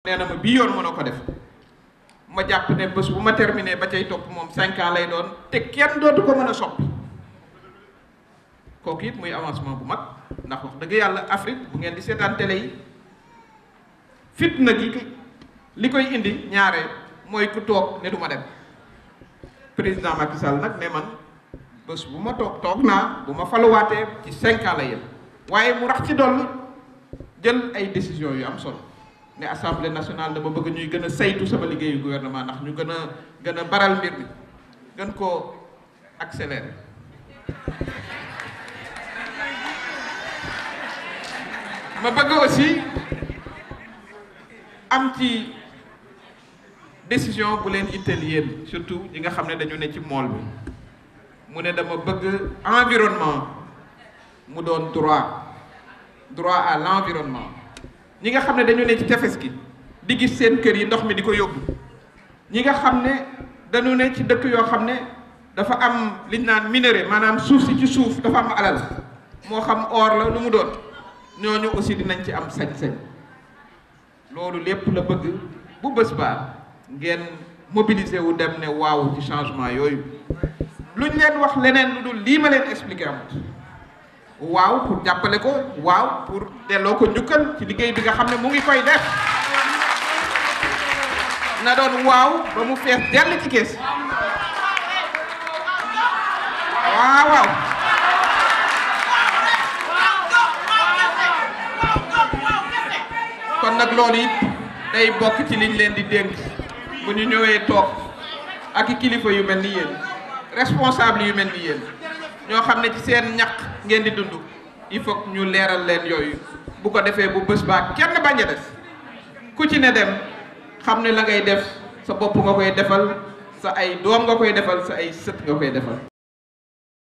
nee na ma bii yoon mën a ko def ma jàpp ne bés bu ma terminé ba cay topp moom cinq lay doon te kenn dootu ko mën a soppi kooku it muy avancement bu mag ndax wax dëgg yàlla Afrique bu ngeen di seetaan télé yi fitna gi li koy indi ñaare mooy ku toog ne du ma dem président Macky Sall nag ne man bés bu ma toog toog naa bu ma faluwaatee ci cinq ans la yem waaye mu rax ci dolli jël ay décision yu am solo. ne assemblée nationale dama bëgg ñuy gën a saytu sama liggéeyu gouvernement ndax ñu gën a gën a baral mbir mi gën koo accélérer. ma bëgg aussi am ci décision bu leen itteel yéen surtout yi nga xam ne dañu ne ci mool bi mu ne dama bëgg environnement mu doon droit droit à l'environnement ñi nga xam ne dañu ne ci tefes gi di gis seen kër yi ndox mi di ko yóbbu ñi nga xam ne dañu ne ci dëkk yoo xam ne dafa am liñ naan minerai maanaam suuf si ci suuf dafa am alal moo xam or la lu mu doon ñooñu aussi dinañ ci am sañ-sañ loolu lépp la bëgg bu bés baa ngeen mobiliser wu dem ne waaw ci changement yooyu luñ leen wax leneen lu dul lii ma leen expliqué amut waaw pour jàppale ko waaw pour delloo ko njukkal ci liggéey bi nga xam ne mu ngi koy def na doon waaw ba mu fees dell ci kees waaw waaw kon nag loolu it day bokk ci liñ leen di dénk bu ñu ñëwee toog ak kilifa yu mel ni yéen responsable yu mel ni yéen ñoo xam ne ci seen ñaq ngeen di dund il foog ñu leeral leen yooyu bu ko defee bu bés baa kenn bañ a des ku ci ne dem xam ne la ngay def sa bopp nga koy defal sa ay doom nga koy defal sa ay sët nga koy defal